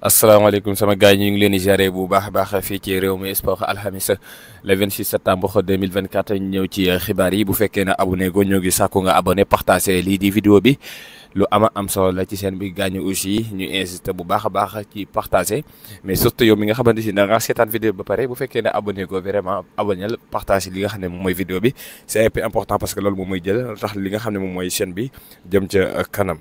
asalaamaaleykum sama gars yi ngi leen di jaré bu baax a baax fii ci réew mi sport alxamis le 26 septembre 2024 ñu ñëw ci xibaar yi bu fekkee ne abonné go ñoo ngi sàkku nga abonné bi lu ama am solo la ci seen bi gaañu aussi ñu insisté bu baax a baax ci partagé mais surtout yow mi nga xamante si da nga seetaan vidéo ba pare bu fekkee ne abonné go vraiment abonné la partagé li nga xam ne moom mooy vidéo bi c'est important parce que loolu moom mooy jël tax li nga xam ne moom mooy chaîne bi jëm ca kanam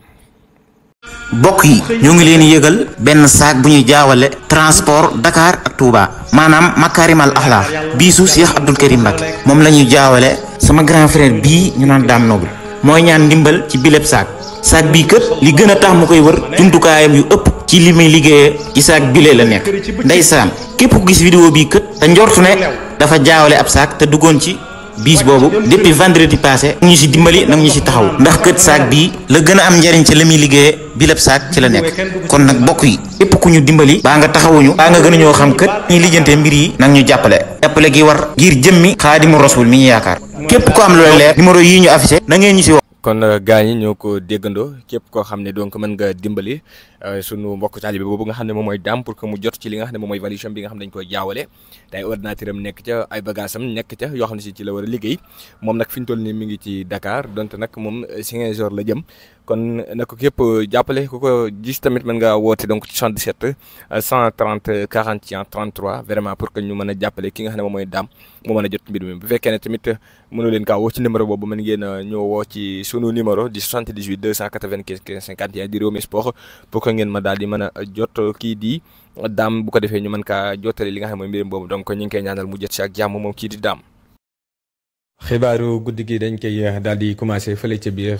bokk yi ñoo ngi leen yëgal benn saak bu ñuy jaawale transport Dakar ak Touba maanaam makaarimal axlaa biisu Cheikh Abdoul Karim Mbacké moom la ñuy jaawale sama grand frère bii ñu naan Dame Noble mooy ñaan ndimbal ci bileb saak saak bii kët li gën a tax mu koy wër jumtukaayam yu ëpp ci li muy liggéeyee ci saak bile la nekk ndeysaan képp gis vidéo bii kët te njortu ne dafa jaawale ab saak te duggoon ci biis boobu depuis vendredi passé ñu si dimbali nag ñu si taxaw ndax kët saak bii la gën a am njariñ ci la muy liggéeye bi lab saak ci la nekk kon nag bokk yi épp ku ñu dimbali baa nga taxawuñu baa nga gën a ñoo xam kët ñuy lijjante mbir yi nag ñu jàppale jàppale gi war ngir jëmmi xaadimu rasul mi ñu yaakaar képp ko am lu leer numéro yii ñu affiché na ngeen ñu si wax kon euh, gaañ ñoo ko déggandoo képp koo xam ne donc mën nga dimbali Euh, sunu mbokk taalibe boobu nga xam ne moom mooy daam pour que mu jot ci li nga xam ne moom mooy valise bi nga xam ne dañ koy jaawale te xam ne a liggéey moom nag fi ñu toll nii mi ngi ci Dakar moom na ko képp jàppale ku ko gis tamit mën ngaa woote donc 77 130 41 33 vraiment pour que ñu mën a jàppale ki nga xam ne moom mooy daam mu mën a jot mbir mi bu fekkee ne tamit mënu leen kaa woo ci numéro boobu mën ngeen ñëw woo ci sunu numéro di 78 295 15 51 di Rewmi Sport pour ngeen ma daal di man a jot uh, kii di uh, daam bu ko defee ñu mën kaa jottali li nga xam ne boobu donc ñu ngi koy ñaanal mu jot si ak jàmm moom kii di daam. xibaaru guddi gi dañ koy uh, daal di commencé fële ca biir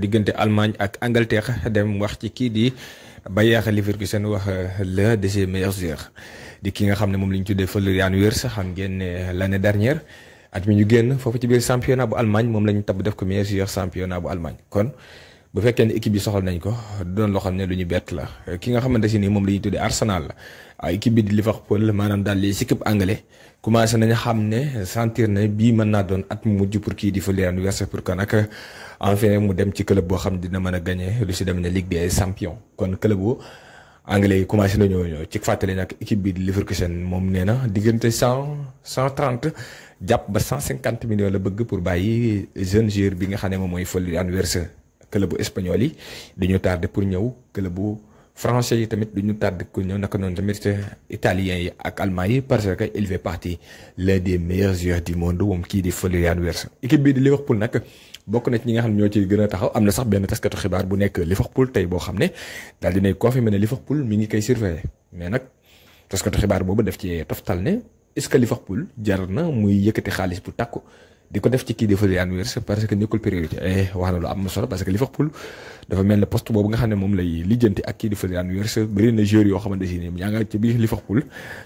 diggante Allemagne ak Angleterre dem wax ci kii di Bayer Leverkusen wax l'un de ses meilleurs joueurs di ki nga xam ne moom la ñu tuddee Florian Wirtz xam ngeen ne l'année dernière at ñu génn foofu ci biir championnat bu Allemagne moom la ñu tabb def ko meilleur joueur championnat bu Allemagne kon. bu fekkee ne équipe bi soxal nañ ko doon loo xam ne lu ñu bett la ki nga xamante si nii moom la ñuy tuddee Arsenal la équipe bi di Liverpool maanaam daal les équipes anglais commencé nañu xam ne sentir ne bii mën naa doon at mu pour kii di Florian Wirtz pour que nag enfin mu dem ci club boo xam dina mën a gañe lu si dem ne liggéey Ligue des champions kon club bu anglais yi commencé nañoo ñëw ci fàttali nag équipe bi di Leverkusen moom nee na diggante cent cent trente jàpp ba cent cinquante millions la bëgg pour bàyyi jeune joueur bi nga xam ne moom mooy Florian Wirtz club bu espagnol yi dañu tardé pour ñëw club bu français yi tamit duñu tardé pour ñëw naka noonu tamit italiens yi ak allemands yi parce que il fait partie l'un des meilleurs joueurs du monde moom kii di Florian Wirtz équipe bii di Liverpool nag bokk na ci ñi nga xam ne ñoo ci gën a taxaw am na sax benn taskatu xibaar bu nekk Liverpool tey boo xam ne daal dinay confirmé ne Liverpool mi ngi koy surveiller mais nag taskatu xibaar boobu daf ci toftal ne est-ce que Liverpool jar na muy yëkkati xaalis bu takku di ko def ci kii di Florian Wirtz parce que nekkul priorité eh wax na lu am solo parce que Liverpool dafa mel ne poste boobu nga xam ne moom lay lijjanti ak kii di Florian Wirtz bëri na joueurs yoo xamante ne ñaa nga ci biir Liverpool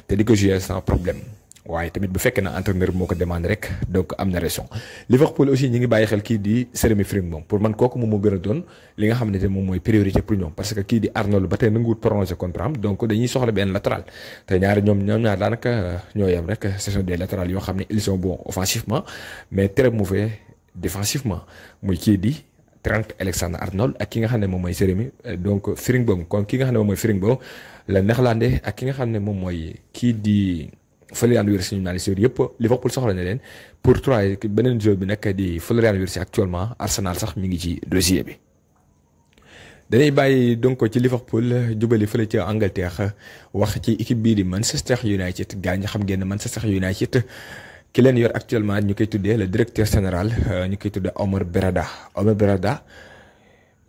te di ko jouer sans problème. waaye tamit bu fekkee na entraîneur moo ko demande rek donc am na raison Liverpool aussi ñi ngi bàyyi xel kii di Jérémy Frimpong moom pour man kooku moom moo gën a doon li nga xam ne moom mooy priorité pour ñoom parce que kii di Arnold ba tey donc dañuy ñoom euh, ñoo yem rek ce sont des latérales yoo xam ne ils sont bons offensivement mais très mauvais défensivement muy kii di. Trent Alexander-Arnold ak ki nga xam ne moom mooy Jérémy euh, donc Frimpong kon ki nga xam ne moom mooy Frimpong la néerlandais ak ki nga xam ne moom mooy kii di. Florian Wirtz ñu naan les yëpp Liverpool soxla na leen pour trois beneen joueur bi nag di Florian Wirtz actuellement Arsenal sax mi ngi ci dossier bi. dañuy bàyyi donc ci Liverpool jubali fële ci Angleterre wax ci équipe bii di Manchester United gaa ñi xam ngeen Manchester United. ki leen yor actuellement ñu koy tuddee la directeur général euh, ñu koy tuddee Omar Berada Omar Berada.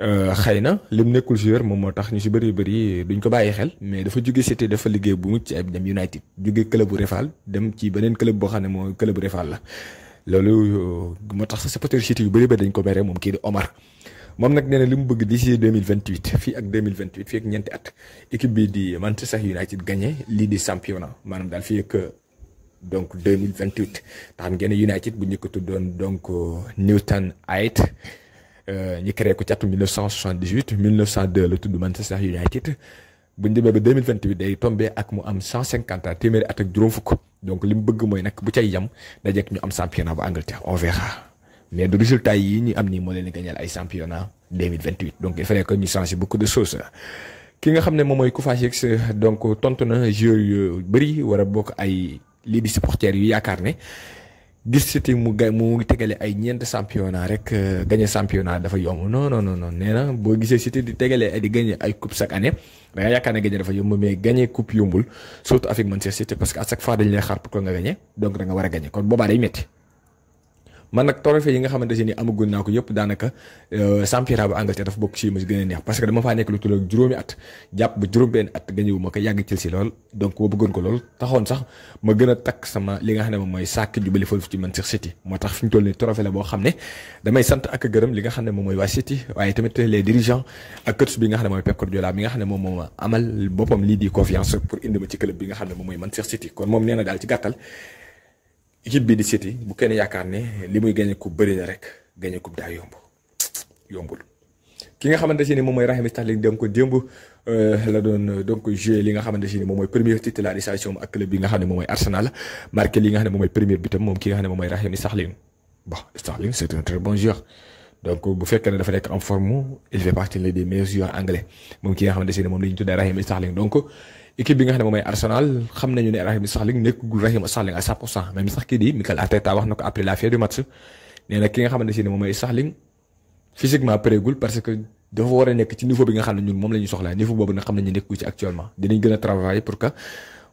Euh, xëy na lim nekkul joueur moom moo tax ñu si bëri bëri duñ ko bàyyi xel mais dafa jóge City dafa liggéey bu mucc ayib dem United jóge club bu Refal dem ci beneen club boo xam ne mooy club bu Refal la. loolu euh, tax sa supporter City yu bëri ba moom kii di moom nag nee na li mu bëgg di deux mille vingt huit fii ak deux mille vingt huit fii ak ñeenti at équipe bii di Manchester United gagné lii di championnat maanaam daal fii ak donc deux mille vingt huit tax ngeen United bu ñu ko tuddoon donc euh, Newton Ayt. Euh, ñu créé ko ci atum la tudd Manchester United bu ñu demee ba 2028 day tombé ak mu am 150 ans téeméeri at ak juróom fukk donc li bëgg mooy nag bu cay yam dajeek ñu am championnat bu Angleterre on mais du résultat yi ñu am nii moo leen gañal ay championnat donc il fallait que ñu changé beaucoup de choses. ki nga xam ne moom mooy Kovacic donc tontu na joueurs yu bëri war a bokk ay lii di supporters yu yaakaar ne. gis City mu ga mu tegale ay ñeent championnat rek euh, gagné championnat dafa yomb non non non nee boo gisee City di tegale di gagné ay coupe chaque année da nga yaakaar ne dafa yomb mais gagné coupe yombul surtout avec Manchester City parce que à chaque fois dañ lay xaar pour que nga gagné donc da war a gagné kon boobaa day métti. man nag trophée yi nga xamante ne nii amagun naa ko yëpp daanaka euh, championnat bu Angleterre dafa bokk ci ma gën a neex parce que dama faa nekk lu tolloog juróomi at jàpp ba juróom-benn at gañëwu ma ko yàgg Chelsea lool donc boo bëggoon ko lool taxoon sax ma gën a takk sama li nga xam ne moom mooy sàkk jubali foofu ci Manchester City moo tax fi ñu toll nii trophée la boo xam ne damay sant ak gërëm li nga xam ne moom mooy waa City waaye tamit les nga xam ne mooy Pep Guardiola mi nga xam ne moom moom amal boppam lii di confiance pour indi ma ci club bi nga xam ne moom équipe bi di City bu kenn yaakaar ne li muy gagné coupe bëri na rek gagné coupe daa yomb yombul ki nga xamante ne moom mooy Raheem Sterling dem ko démb euh, la euh, li nga xamante ne moom mooy première titularisation ak club bi nga xam ne moom mooy Arsenal marqué li nga xam ne moom mooy première bitam moom ki nga xam ne moom mooy moom ki nga xamante ne moom donc. équipe bi nga xam ne moom mooy Arsenal xam nañu ne Raheem Sterling nekkul Raheem Sterling à 100% même sax kii di Mikel Arteta wax na ko après la fin du match nee ki nga xamante ne moom mooy Sterling physiquement pareegul parce que dafa war a nekk ci niveau bi nga xam ne ñun moom la ñu soxlaa niveau boobu nag xam nañu nekkul ci actuellement dinañ gën a travailler pour que.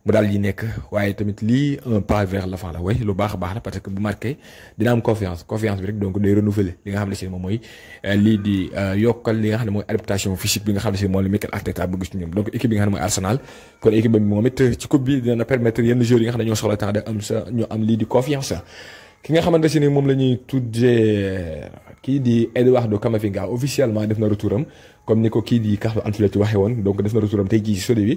mu daal di nekk waaye tamit lii un pas vers l'avant la way lu baax a baax la parce que bu marqué dina am confiance confiance bi rek donc day renouveler li nga xam ne si moom mooy euh, lii di euh, yokkal li nga xam ne xam ne si moom la Mikel Arteta bëgg ci ñoom nga xam ne moom it ci coupe bi dina permettre yenn joueurs yi nga xam xamante si moom la ñuy tuddee kii di Eduardo Camavinga officiellement def na retouram comme ni ko kii di Carlo Ancelotti waxee woon donc def na retouram tey jii si sode bi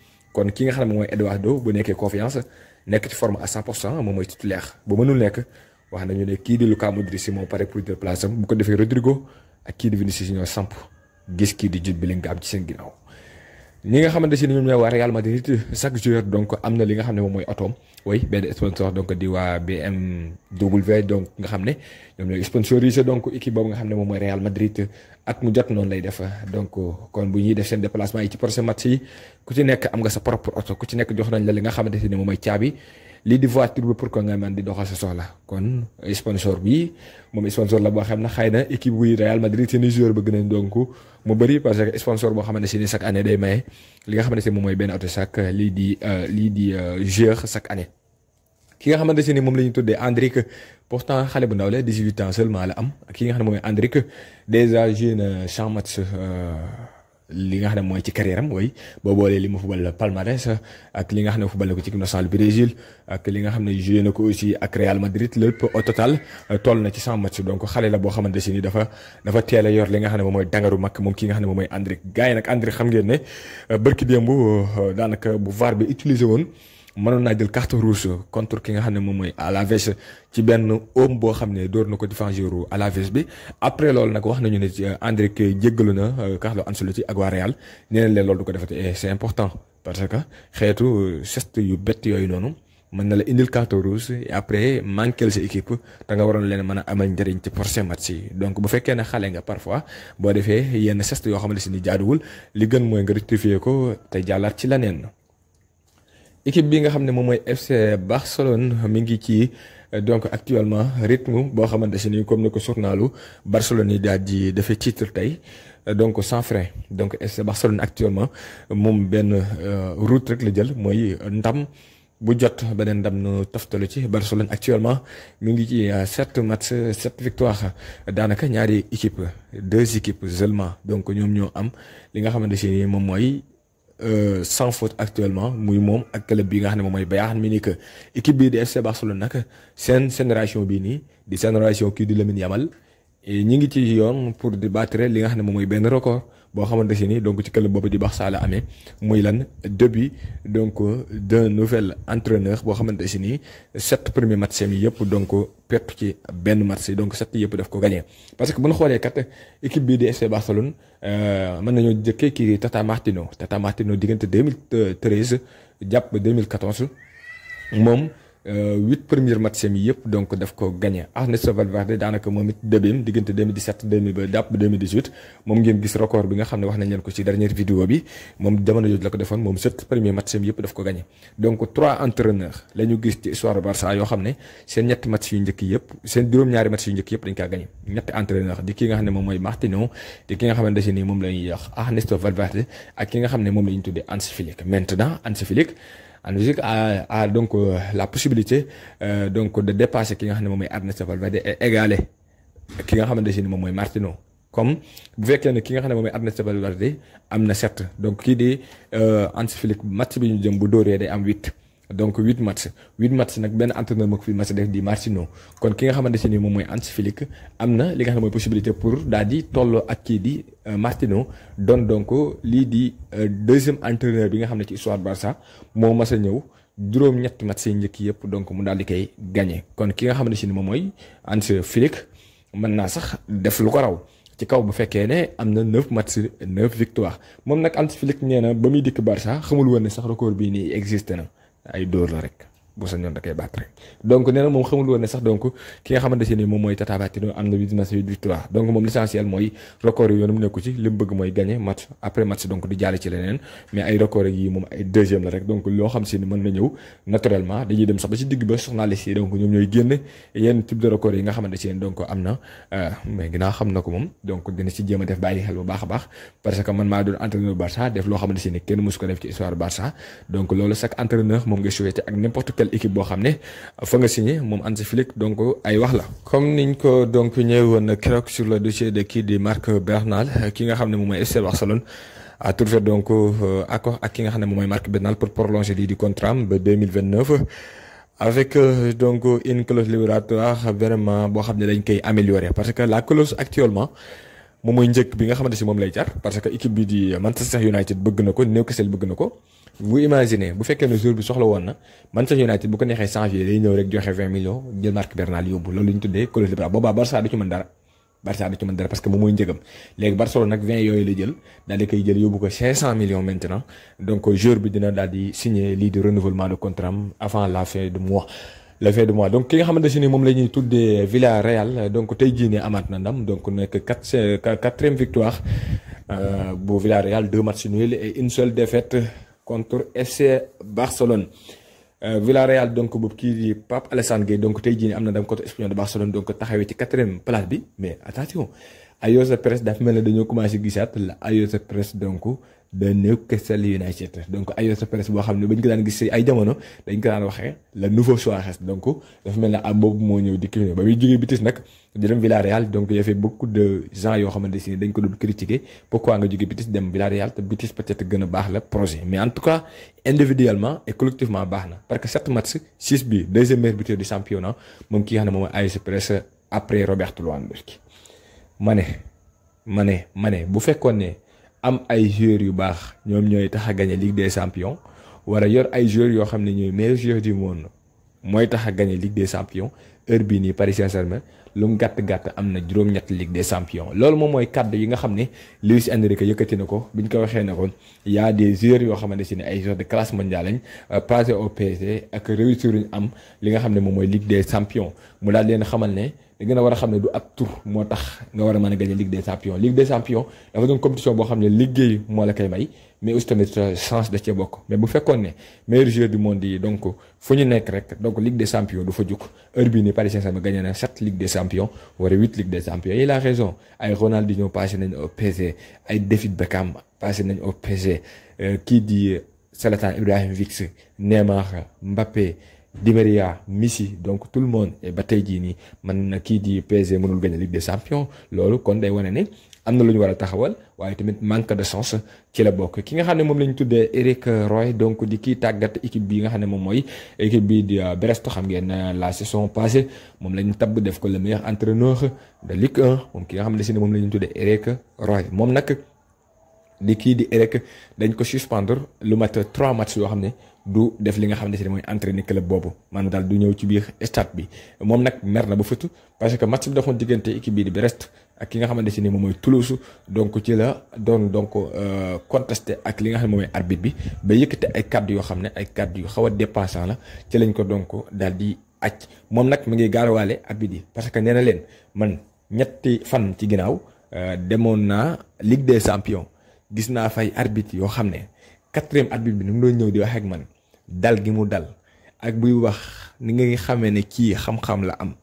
kon ki nga xam ne moom mooy Eduardo bu nekkee confiance nekk ci forme a 100 pour cent moom mooy titulaire bu mënul nekk wax nañu ne kii di Luka Modric moo pare pour de place am bu ko defee Rodrigo ak kii di Vinicius ñoo samp gis kii di Jude Bellingham ci seen ginnaaw. ni nga xamante si ñoom ñooy waa Real Madrid chaque joueur donc am na li nga xam ne moom mooy otoom way benn sponsor donc di waa BMW donc nga xam ne ñoom ñooy sponsorisé donc équipe boobu nga xam ne moom mooy Real Madrid at mu jot noonu lay def donc kon bu ñuy def seen déplacement yi ci prochain match yi ku ci nekk am nga sa propre oto ku ci nekk jox nañ la li nga xamante si ne moom mooy caabi. lii di voiture bi pour que nga mën di doxal sa soxla kon sponsor bi moom sponsor la boo xam ne xay na équipe buy Real Madrid seen i joueur bëgg nañ donc mu bëri parce que sponsor boo xamante ne chaque année day maye li nga xamante ne moom mooy benn oto chaque euh, lii di euh, lii di euh, joueur chaque année. ki nga xamante ne moom la ñu tuddee Endrick pourtant xale bu ndaw la 18 ans seulement la am ki nga xam ne moom mooy Endrick déjà joué na 100 li nga xam ne mooy ci carrière am way boo boolee li mu fubal palmarès ak li nga xam ne fubal ko ci équipe nationale Brésil ak li nga xam ne joué na ko aussi ak Real Madrid lépp au total euh, toll na ci 100 match donc xale la boo xamante si ni dafa dafa teel yor li nga xam ne moom mooy dangaru mag moom ki nga xam ne moom mooy Andrick gars yi nag Andrick xam ngeen ne euh, bërki démb euh, daanaka bu VAR bi utilisé woon mënoon naa jël carte rouge contre ki nga xam ne moom mooy la Alaves ci benn homme boo xam ne door na ko défense euro Alaves bi après loolu nag wax nañu ne euh, André Gueye jéggalu na euh, Carlo Ancelotti ak waa Real nee nañ leen loolu du ko defee et c'est important parce que xeetu euh, geste yu bett yooyu noonu mën na la indil carte rouge après manquel sa équipe da nga waroon leen mën a amal njëriñ ci prochain match yi donc bu fekkee ne xale nga parfois boo defee yenn geste yoo xam ne si ni jaaduwul li gën mooy nga rectifier ko te jàllaat ci leneen. équipe bi nga xam ne moom mooy FC Barcelone mi ngi ci donc actuellement rythme boo xamante ni comme ni ko journalu Barcelone yi daal di defee titre tey donc sans frein donc FC Barcelone actuellement moom benn euh, route la jël mooy ndam bu jot beneen ndam nu ci Barcelone actuellement mi ngi ci euh, sept match sept victoire daanaka ñaari équipe deux équipes seulement donc ñoom ñoo am li nga xamante ni moom mooy. Euh, sans faute actuellement muy moom ak club bi nga xam ne moom mooy Bayern Munich équipe bii di FC Barcelone nag seen génération bii nii di génération kii di Lamine Yamal ñi ngi ci yoon pour di battre li nga xam ne moom mooy benn record. boo xamante si nii donc ci club boobu di Barça la amee muy lan début donc d'un nouvel entreneur boo xamante si ni sept premiers matchs yi yëpp donc perte ci benn match donc sept yëpp def ko gagné. parce que bu ñu xoolee kat équipe bii di FC Barcelone euh, mën nañoo jëkkee kii Tata Martino Tata Martino diggante 2013 jàpp 2014 moom. Euh, huit premiers matchs yi yëpp donc daf ko gagné Ernesto Valverde daanaka moom it débéem diggante 2017 2000 ba jàpp 2018 moom ngeen gis record bi nga xam ne wax nañ leen ko ci dernière vidéo bi moom jamono jooju la ko defoon moom sept premiers matchs yi yëpp daf ko gagné. donc trois entraîneurs la gis ci histoire Barça yoo xam ne seen ñetti matchs yu njëkk yëpp seen juróom-ñaari matchs yu njëkk yëpp dañ kaa gagné ñetti entraîneurs di ki moom mooy Martino di ki nga xamante ne nii la ki nga xam ne moom la ñu tuddee Hansi en Belgique a donc euh, la possibilité euh, donc de dépasser ki nga xam ne moom mooy Ernesto Valverde et égaler ki nga xamante ne moom mooy Martino comme bu fekkee ne ki nga xam ne moom mooy Ernesto Valverde am na sept donc kii di Hansi euh, Flick match bi ñu jëm bu dóoree day am huit. donc huit matchs huit matchs nag benn entraîneur moo ko fi mas a def di Martino kon ki nga xamante ne moom mooy Hans Flick li nga xam ne mooy possibilité daal di tolloo ak kii di euh, Martino doon donc lii di euh, deuxième entraîneur bi nga xam ne ci histoire Barça moo mas a ñëw juróom-ñetti match njëkk yëpp donc mu daal di koy gagné kon ki nga xamante ne moom mooy Hans Flick mën naa sax def lu ko raw. ci kaw bu fekkee ne am na neuf match neuf victoire moom nag Hans Flick nee ba muy dikk Barça xamul woon ne sax record bi nii existé na ay dóor la rek bu sañoon da koy baat donc nee moom xamul woon ne sax donc ki nga xamante ne moom mooy Tata Martino moom l'essentiel mooy record yi yoonu euh, que telle équipe boo xam ne fa nga signé moom Hansi Flick donc ay wax la. comme niñ ko donc ñëwoon keroog sur le dossier de kii di Marc Bernal ki nga xam ne moom mooy FC Barcelone. à euh, ak ki nga xam ne moom mooy Marc Bernal pour prolonger lii di contrat am ba 2029 avec euh, donc une clause libératoire vraiment boo xam ne dañ koy améliorer parce que la clause actuellement. moom mooy njëkk bi nga xamante si moom lay jar parce que équipe bi di Manchester United bëgg na ko Newcastle bëgg na ko vous imaginez bu fekkee ne jour bi soxla woon na Manchester United bu ko neexee janvier day ñëw rek joxe 20 millions jël Marc Bernal yóbbu loolu la ñu tuddee clause libérale boobaa Barça du ci mën dara du ci parce que moom mooy njëgam léegi Barcelone nag yooyu la jël daal koy jël yóbbu ko 500 millions le fin du mois donc ki nga xamante si ni moom la ñuy tuddee Villarreal donc tey jii ne amaat na ndam donc nekk quatre quatrième victoire euh, bu Villarreal deux matchs nuls et une seule défaite contre FC Barcelone. Euh, Villarreal donc boobu kii di Pape Alassane Gueye donc tey jii nii am na ndam contre Espanyol de Barcelone donc taxawee ci quatrième place bi mais attention Ayoze Perez dafa mel ne dañoo commencé gisaat la Ayoze Perez donc. le Newcastle xam ne bañ daan gis ay jamono dañ ko daan waxee le nouveau Suarez donc dafa mel ne critiquer pourquoi nga jógee Betis dem Villarreal te Betis peut gën a baax la projet mais en tout cas individuellement et collectivement baax na parce que sept matchs six bi deuxième meilleur buteur du championnat moom kii xam ne moom mooy Ayoze Perez après Robert Lewandowski ma ne ma ne bu fekkoon ne. am ay joueurs yu baax ñoom ñooy tax a gagné Ligue des champions war yor ay joueurs yoo xam ne ñooy meilleurs joueurs du monde mooy tax a gagné Ligue des champions heure bii nii Paris Saint-Germain lu mu gàtt gàtt am na juróom-ñetti Ligue des champions loolu moom mooy kàddu yi nga xam ne Luis Enrique yëkkati na ko bi ñu ko waxee ne ko y a des joueurs yoo xamante ne ay joueurs de classe mondiale lañ euh, passé au PSG ak réussir ñu am li nga xam ne moom mooy Ligue des champions mu daal leen xamal ne. da ngeen a war a xam ne du ab tur moo tax nga war a mën a gagné Ligue des champions Ligue des champions liggéey moo la koy may mais aussi tamit euh, chance da cee bokk mais bu fekkoon ne meilleur joueur du monde yi donc fu ñu nekk rek donc Ligue des champions du fa jug heure bii nii Paris Saint-Germain gagné na sept Ligue des champions wala huit Ligue des champions il a raison ay Ronaldinho passé nañ au PSG ay David Beckham passé nañ au PSG euh, kii di euh, Zlatan Ibrahimovic Neymar Mbappé. Dimeria Messi donc tout le monde et ba tey jii nii man na kii di PSG mënul gagné Ligue des Champions loolu kon day wane ne am na lu ñu war a taxawal waaye tamit manque de chance ci la bokk ki nga xam ne moom la ñu tuddee Eric Roy donc di kii tàggat équipe bi nga xam ne moom mooy équipe bi di euh, Brest xam ngeen euh, la saison passée moom la ñu tabb def ko le meilleur entraîneur de Ligue 1 moom ki nga xam ne si ne moom la ñu tuddee Eric Roy moom nag. di kii di rek dañ ko suspendre lu mat trois matchs yoo xam ne du def li nga xam ne si mooy entraîner club boobu man daal du ñëw ci biir stade bi moom nag mer na ba fëtt parce que match bi doxoon diggante équipe bii di Brest ak nga xamante si ni moom mooy Toulouse donc ci la doon donc euh, contesté ak li nga xam ne moom mooy arbitre bi ba yëkkate ay kàddu yoo xam ne ay kàddu yu xaw a dépassant la ci lañ ko donc daal di acc moom nag mu ngi gaarawaale arbitre yi parce que nee leen man ñetti fan ci ginnaaw euh, demoon naa Ligue de Champions gis naa fay arbitre yoo xam ne quatrième arbitre bi ni mu doon ñëw di wax ak man dal gi mu dal ak buy wax ni nga xamee ne kii xam-xam la am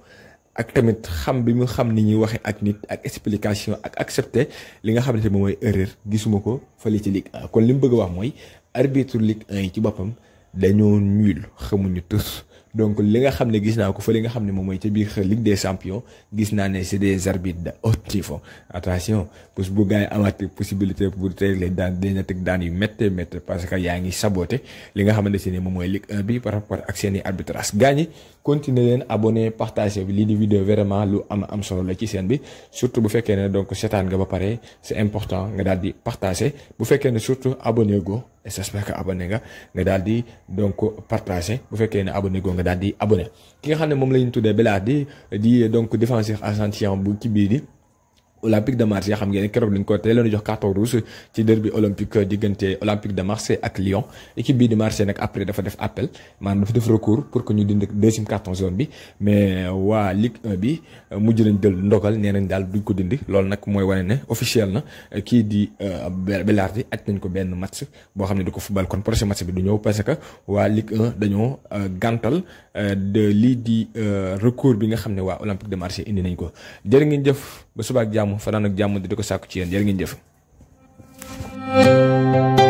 ak tamit xam bi mu xam ni ñuy waxee ak nit ak explication ak accepter li nga xam ne moom mooy erreur gisuma ko fële ci Ligue kon li mu bëgg a wax mooy arbitre Ligue 1 yi ci boppam dañoo ñuul xamuñu tus donc li nga xam ne gis naa ko fa li nga xam ne moom mooy ca biir Ligue des champions gis naa ne c'est des arbitres de haut niveau attention parce que bu gars yi amaat possibilité pour teel daan dina teg daan yu méttee méttee parce que yaa ngi saboté li nga xamante ne moom mooy Ligue 1 bi par rapport ak seen i arbitrage gars ñi continuer leen abonné partagé bi lii di vidéo vraiment lu am am solo la ci seen bi surtout bu fekkee ne donc seetaan nga ba pare c'est important nga daal di partagé bu fekkee ne surtout abonné go j'espère que abone nga nga daal di donc partagé bu fekkee ne abonné goo nga daal di abone ki nga xam ne moom la ñu tuddee Bellardi di donc défenseur argentin bu ci bii di Olympique de Marseille xam ngeen ne keroog lañ ko teeloon jox carton rouge ci derby olympique euh, diggante Olympique de Marseille ak Lyon équipe bii di Marseille nag après dafa def appel maanaam dafa def recours pour que ñu dindi deuxième carton bi mais euh, waa Ligue euh, jël ndogal nee nañ daal duñ ko dindi loolu nag mooy wane ne officiel na kii di Belardi ak nañ ko benn match boo xam ne du ko football kon prochain match bi du ñëw parce que waa Ligue 1 dañoo gàntal de lii di recours bi nga xam ne waa Olympique de Marseille indi nañ ko ba subaak jàmm fanaan ak jàmm di ko sàkku ci yéen jërë ngeen jëf